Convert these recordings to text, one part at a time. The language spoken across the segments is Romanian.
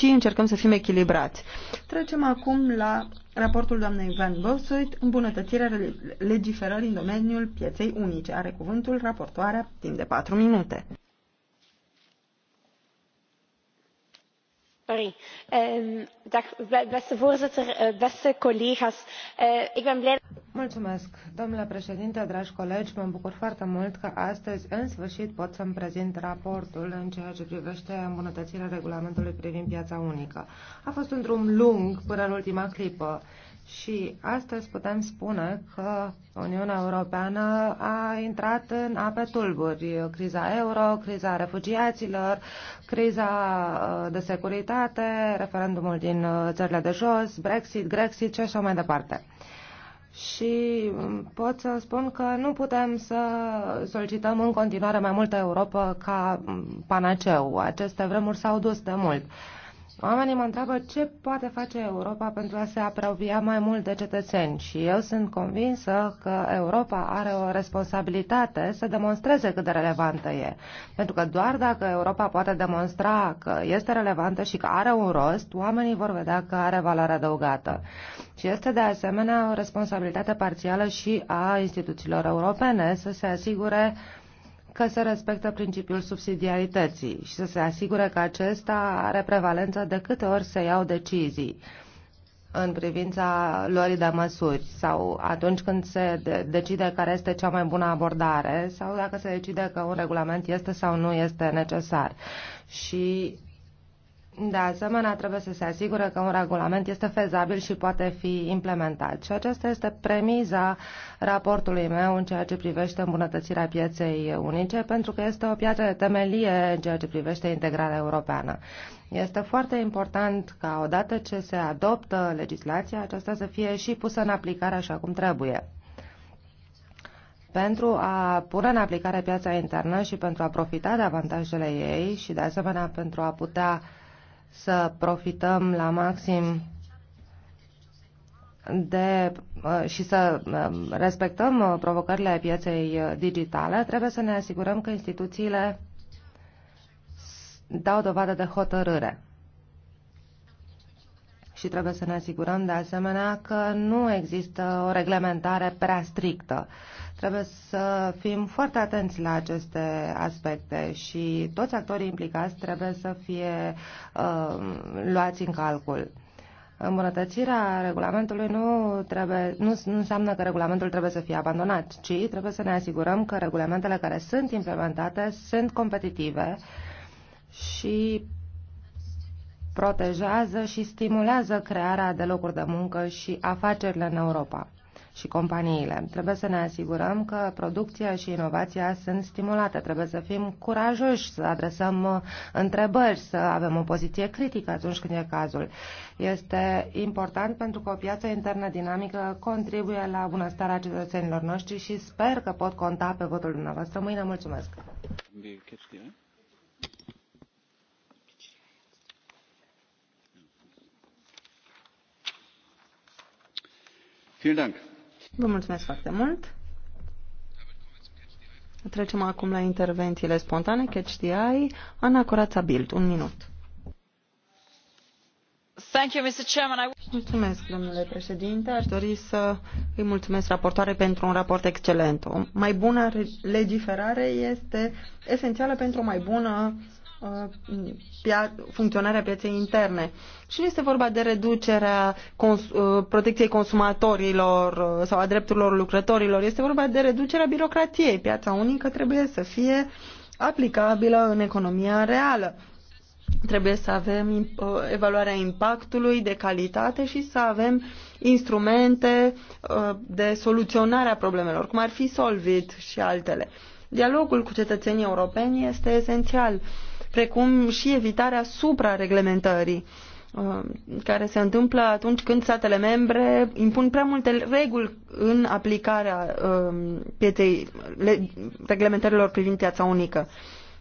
ci încercăm să fim echilibrați. Trecem acum la raportul doamnei Van Bosuit, îmbunătățirea legiferării în domeniul pieței unice. Are cuvântul raportoarea timp de 4 minute. dag beste voorzitter beste collega's ik ben blij Mulțumesc, domnule președinte, dragi colegi, mă bucur foarte mult că astăzi, în sfârșit, pot să-mi prezint raportul în ceea ce privește îmbunătățirea regulamentului privind piața unică. A fost un drum lung până în ultima clipă și astăzi putem spune că Uniunea Europeană a intrat în ape tulburi. Criza euro, criza refugiaților, criza uh, de securitate, referendumul din uh, țările de jos, Brexit, Grexit și așa mai departe și pot să spun că nu putem să solicităm în continuare mai multă Europa ca panaceu. Aceste vremuri s-au dus de mult. Uh, Oamenii mă întreabă ce poate face Europa pentru a se apropia mai mult de cetățeni și eu sunt convinsă că Europa are o responsabilitate să demonstreze cât de relevantă e. Pentru că doar dacă Europa poate demonstra că este relevantă și că are un rost, oamenii vor vedea că are valoare adăugată. Și este de asemenea o responsabilitate parțială și a instituțiilor europene să se asigure că se respectă principiul subsidiarității și să se asigure că acesta are prevalență de câte ori se iau decizii în privința luării de măsuri sau atunci când se de- decide care este cea mai bună abordare sau dacă se decide că un regulament este sau nu este necesar. Și de asemenea, trebuie să se asigure că un regulament este fezabil și poate fi implementat. Și aceasta este premiza raportului meu în ceea ce privește îmbunătățirea pieței unice, pentru că este o piatră de temelie în ceea ce privește integrarea europeană. Este foarte important ca odată ce se adoptă legislația, aceasta să fie și pusă în aplicare așa cum trebuie. Pentru a pune în aplicare piața internă și pentru a profita de avantajele ei și, de asemenea, pentru a putea uh, să profităm la maxim de, uh, și să uh, respectăm uh, provocările pieței digitale, trebuie să ne asigurăm că instituțiile dau dovadă de hotărâre și trebuie să ne asigurăm de asemenea că nu există o reglementare prea strictă. Trebuie să fim foarte atenți la aceste aspecte și toți actorii implicați trebuie să fie uh, luați în calcul. Îmbunătățirea regulamentului nu, trebuie, nu, nu înseamnă că regulamentul trebuie să fie abandonat, ci trebuie să ne asigurăm că regulamentele care sunt implementate sunt competitive și protejează și stimulează crearea de locuri de muncă și afacerile în Europa și companiile. Trebuie să ne asigurăm că producția și inovația sunt stimulate. Trebuie să fim curajoși, să adresăm uh, întrebări, să avem o poziție critică atunci când e cazul. Este important pentru că o piață internă dinamică contribuie la bunăstarea cetățenilor noștri și sper că pot conta pe votul dumneavoastră. Mâine mulțumesc! Vă mulțumesc foarte mult. Trecem acum la intervențiile spontane, catch the eye. Ana Corața Bild, un minut. Mulțumesc, domnule președinte aș dori să îi mulțumesc raportoarei pentru un raport excelent. o mai bună legiferare este esențială pentru o mai bună pia funcționarea pieței interne. Și nu este vorba de reducerea cons uh, protecției consumatorilor uh, sau a drepturilor lucrătorilor, este vorba de reducerea birocratiei. Piața unică trebuie să fie aplicabilă în economia reală. Trebuie să avem uh, evaluarea impactului de calitate și să avem instrumente de soluționare a problemelor, cum ar fi Solvit și altele. Dialogul cu cetățenii europeni este esențial precum și evitarea suprareglementării uh, care se întâmplă atunci când statele membre impun prea multe reguli în aplicarea uh, pieței, reglementărilor privind piața unică.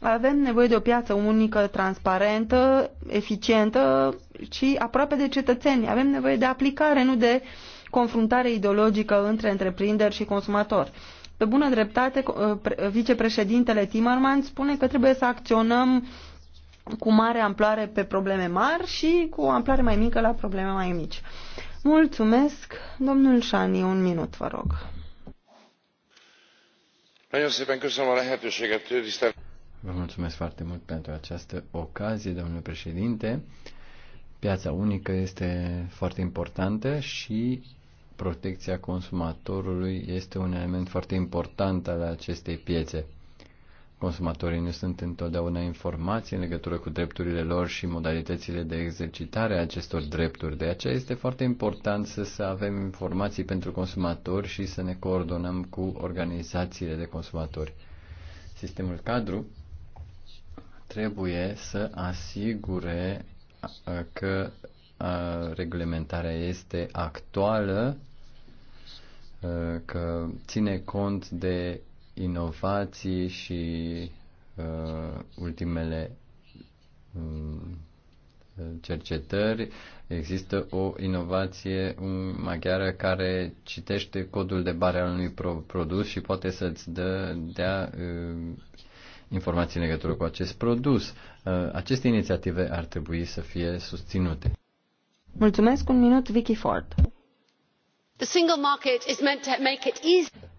Avem nevoie de o piață unică, transparentă, eficientă și aproape de cetățeni. Avem nevoie de aplicare, nu de confruntare ideologică între întreprinderi și consumatori. Pe bună dreptate, uh, vicepreședintele Timerman spune că trebuie să acționăm cu mare amploare pe probleme mari și cu o amploare mai mică la probleme mai mici. Mulțumesc, domnul Șani, un minut, vă rog. Vă mulțumesc foarte mult pentru această ocazie, domnule președinte. Piața unică este foarte importantă și protecția consumatorului este un element foarte important al acestei piețe. Consumatorii nu sunt întotdeauna informați în legătură cu drepturile lor și modalitățile de exercitare a acestor drepturi. De aceea este foarte important să, să avem informații pentru consumatori și să ne coordonăm cu organizațiile de consumatori. Sistemul cadru trebuie să asigure că reglementarea este actuală, că ține cont de inovații și ultimele cercetări. Există o inovație maghiară care citește codul de bare al unui produs și poate să-ți dă, dea informații în legătură cu acest produs. Aceste inițiative ar trebui să fie susținute. Mulțumesc un minut, Vicky Ford.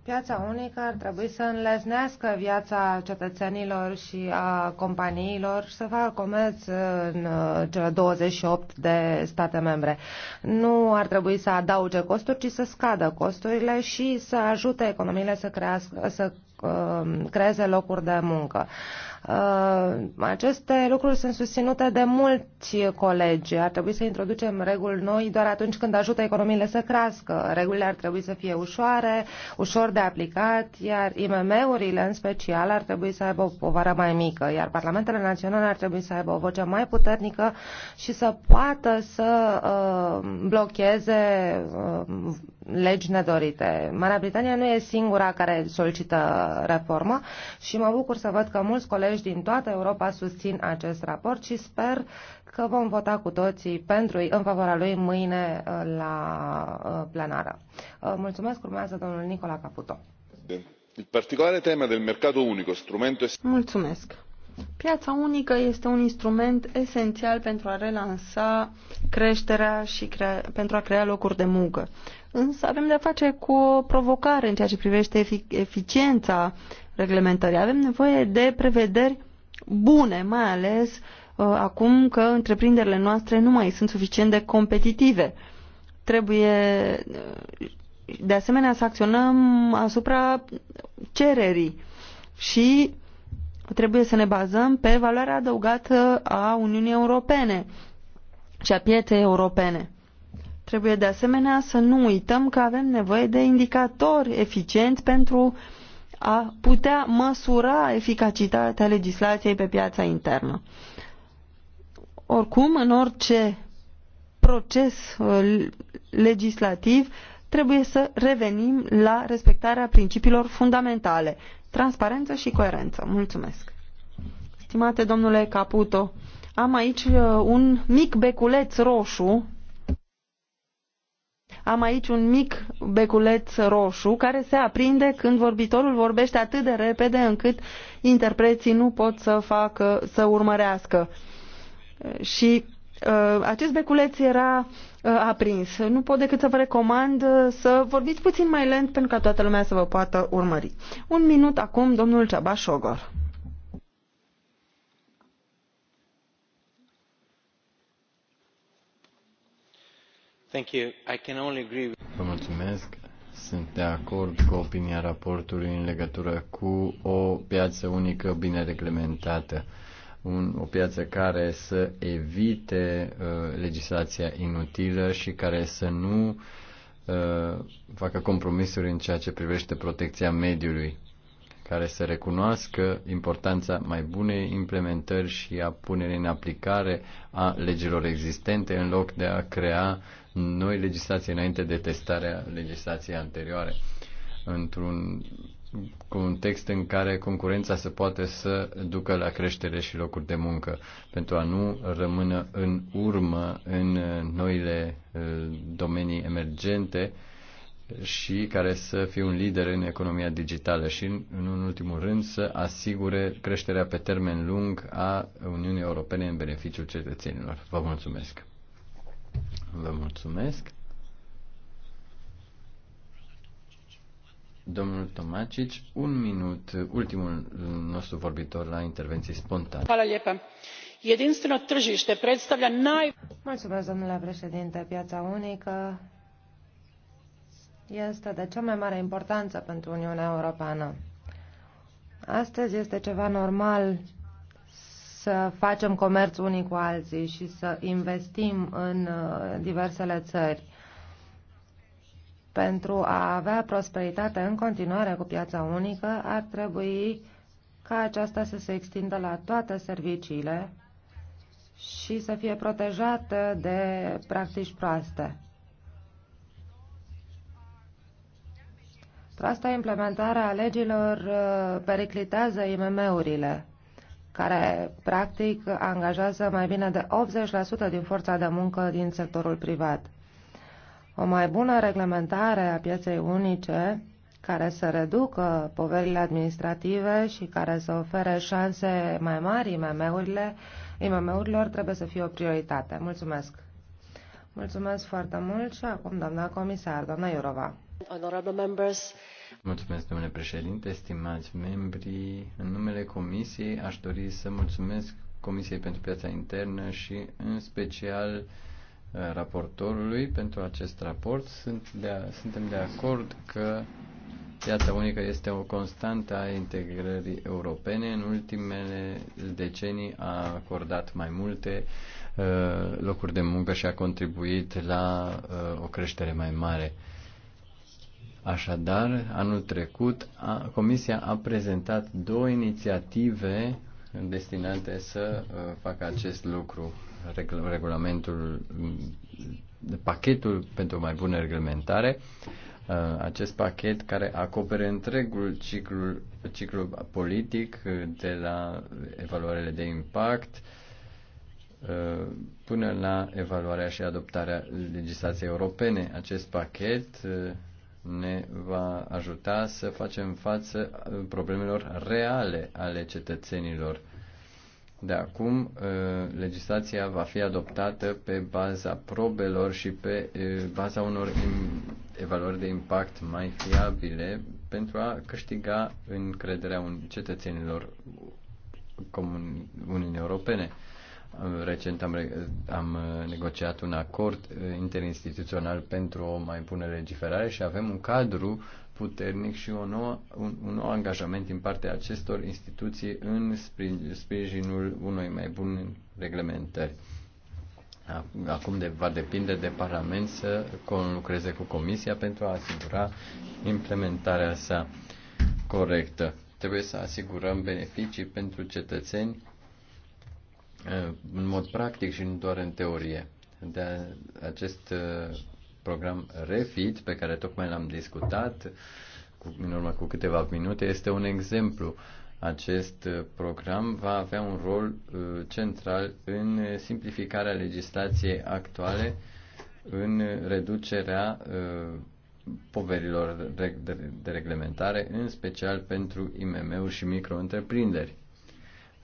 Piața unică ar trebui să înlesnească viața cetățenilor și a companiilor și să facă comerț în uh, cele 28 de state membre. Nu ar trebui să adauge costuri, ci să scadă costurile și să ajute economiile să, crească, să Um, creeze locuri de muncă. Uh, aceste lucruri sunt susținute de mulți colegi. Ar trebui să introducem reguli noi doar atunci când ajută economiile să crească. Regulile ar trebui să fie ușoare, ușor de aplicat, iar IMM-urile în special ar trebui să aibă o povară mai mică, iar parlamentele naționale ar trebui să aibă o voce mai puternică și să poată să uh, blocheze uh, legi nedorite. Marea Britanie nu e singura care solicită reformă și mă bucur să văd că mulți colegi din toată Europa susțin acest raport și sper că vom vota cu toții pentru în favoarea lui mâine uh, la uh, plenară. Uh, mulțumesc, urmează domnul Nicola Caputo. Mulțumesc. Piața unică este un instrument esențial pentru a relansa creșterea și crea, pentru a crea locuri de muncă. Însă avem de-a face cu o provocare în ceea ce privește efic- eficiența reglementării. Avem nevoie de prevederi bune, mai ales uh, acum că întreprinderile noastre nu mai sunt suficient de competitive. Trebuie uh, de asemenea să acționăm asupra cererii și trebuie să ne bazăm pe valoarea adăugată a Uniunii Europene și a pieței europene. Trebuie de asemenea să nu uităm că avem nevoie de indicatori eficienți pentru a putea măsura eficacitatea legislației pe piața internă. Oricum, în orice proces uh, legislativ, trebuie să revenim la respectarea principiilor fundamentale, transparență și coerență. Mulțumesc. Stimate domnule Caputo, am aici uh, un mic beculeț roșu. Am aici un mic beculeț roșu care se aprinde când vorbitorul vorbește atât de repede încât interpreții nu pot să facă să urmărească. Și Uh, acest beculeț era uh, aprins. Nu pot decât să vă recomand uh, să vorbiți puțin mai lent pentru ca toată lumea să vă poată urmări. Un minut acum, domnul Ceaba Șogor. Thank you. I can only agree with... Vă mulțumesc. Sunt de acord cu opinia raportului în legătură cu o piață unică bine reglementată un, o piață care să evite uh, legislația inutilă și care să nu uh, facă compromisuri în ceea ce privește protecția mediului, care să recunoască importanța mai bunei implementări și a punerii în aplicare a legilor existente în loc de a crea noi legislații înainte de testarea legislației anterioare. Într-un cu un text în care concurența se poate să ducă la creștere și locuri de muncă, pentru a nu rămână în urmă în noile eh, domenii emergente și care să fie un lider în economia digitală și, în ultimul rând, să asigure creșterea pe termen lung a Uniunii Europene în beneficiul cetățenilor. Vă mulțumesc! Vă mulțumesc! Domnul Tomacic, un minut, ultimul nostru vorbitor la intervenții spontane. Jedinstveno tržište predstavlja naj... Mulțumesc, domnule președinte. Piața unică este de cea mai mare importanță pentru Uniunea Europeană. Astăzi este ceva normal să facem comerț unii cu alții și să investim în uh, diversele țări. Pentru a avea prosperitate în continuare cu piața unică, ar trebui ca aceasta să se extindă la toate serviciile și să fie protejată de practici proaste. Proasta implementare a legilor uh, periclitează IMM-urile, care practic angajează mai bine de 80% din forța de muncă din sectorul privat. O mai bună reglementare a pieței unice care să reducă poverile administrative și care să ofere șanse mai mari IMM-urile, IMM-urilor trebuie să fie o prioritate. Mulțumesc! Mulțumesc foarte mult și acum, doamna comisar, doamna Iurova. Mulțumesc, domnule președinte, stimați membri. În numele comisiei aș dori să mulțumesc Comisiei pentru Piața Internă și în special Uh, raportorului pentru acest raport. Sunt de a, suntem de acord că piața unică este o constantă a integrării europene. În ultimele decenii a acordat mai multe uh, locuri de muncă și a contribuit la uh, o creștere mai mare. Așadar, anul trecut a, Comisia a prezentat două inițiative destinate să uh, facă acest lucru. Regulamentul, mm, pachetul pentru mai bună reglementare, uh, acest pachet care acopere întregul ciclu, ciclu politic uh, de la evaluările de impact până la evaluarea și adoptarea legislației europene. Acest pachet ne va ajuta să facem față uh, problemelor reale ale cetățenilor. De acum, uh, legislația va fi adoptată pe baza probelor și pe uh, baza unor evaluări de impact mai fiabile pentru a câștiga încrederea cetățenilor Uniunii Europene. Recent am, am uh, negociat un acord uh, interinstituțional pentru o mai bună legiferare și avem un cadru puternic și o nouă, un, un nou angajament din partea acestor instituții în sprijinul unui mai bun reglementări. Acum de, va depinde de Parlament să lucreze cu Comisia pentru a asigura implementarea sa corectă. Trebuie să asigurăm beneficii pentru cetățeni Uh, în mod practic și nu doar în teorie. De acest uh, program Refit, pe care tocmai l-am discutat cu, în urmă cu câteva minute, este un exemplu. Acest uh, program va avea un rol central în simplificarea legislației actuale, în reducerea poverilor de reglementare, în special pentru IMM-uri și micro-întreprinderi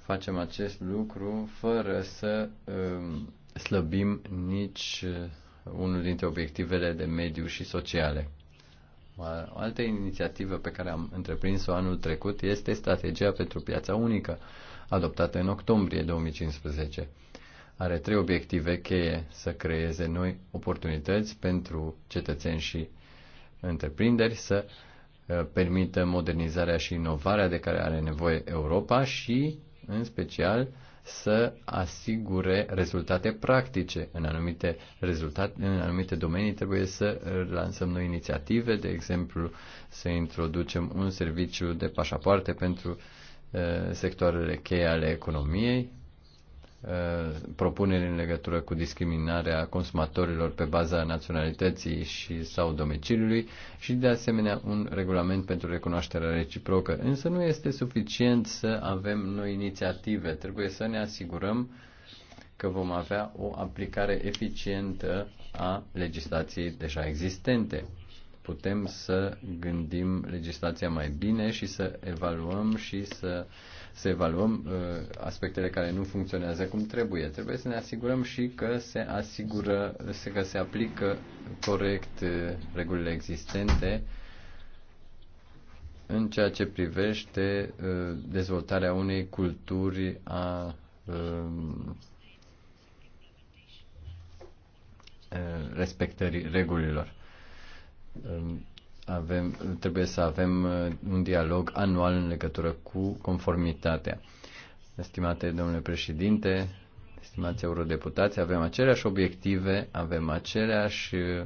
facem acest lucru fără să um, slăbim nici uh, unul dintre obiectivele de mediu și sociale. O altă inițiativă pe care am întreprins-o anul trecut este strategia pentru piața unică, adoptată în octombrie 2015. Are trei obiective cheie să creeze noi oportunități pentru cetățeni și întreprinderi, să uh, permită modernizarea și inovarea de care are nevoie Europa și în special să asigure rezultate practice. În anumite, rezultate, în anumite domenii trebuie să lansăm noi inițiative, de exemplu să introducem un serviciu de pașapoarte pentru eh, sectoarele cheie ale economiei, Uh, propuneri în legătură cu discriminarea consumatorilor pe baza naționalității și sau domiciliului și de asemenea un regulament pentru recunoașterea reciprocă. Însă nu este suficient să avem noi inițiative, trebuie să ne asigurăm că vom avea o aplicare eficientă a legislației deja existente putem să gândim legislația mai bine și să evaluăm și să, să evaluăm uh, aspectele care nu funcționează cum trebuie. Trebuie să ne asigurăm și că se asigură, că se aplică corect uh, regulile existente în ceea ce privește uh, dezvoltarea unei culturi a uh, respectării regulilor avem, trebuie să avem uh, un dialog anual în legătură cu conformitatea. Stimate domnule președinte, stimați eurodeputați, avem aceleași obiective, avem aceleași uh,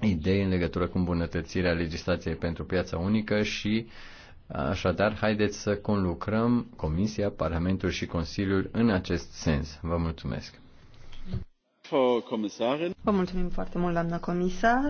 idei în legătură cu îmbunătățirea legislației pentru piața unică și uh, așadar haideți să conlucrăm Comisia, Parlamentul și Consiliul în acest sens. Vă mulțumesc! mulțumim foarte mult, doamnă comisar.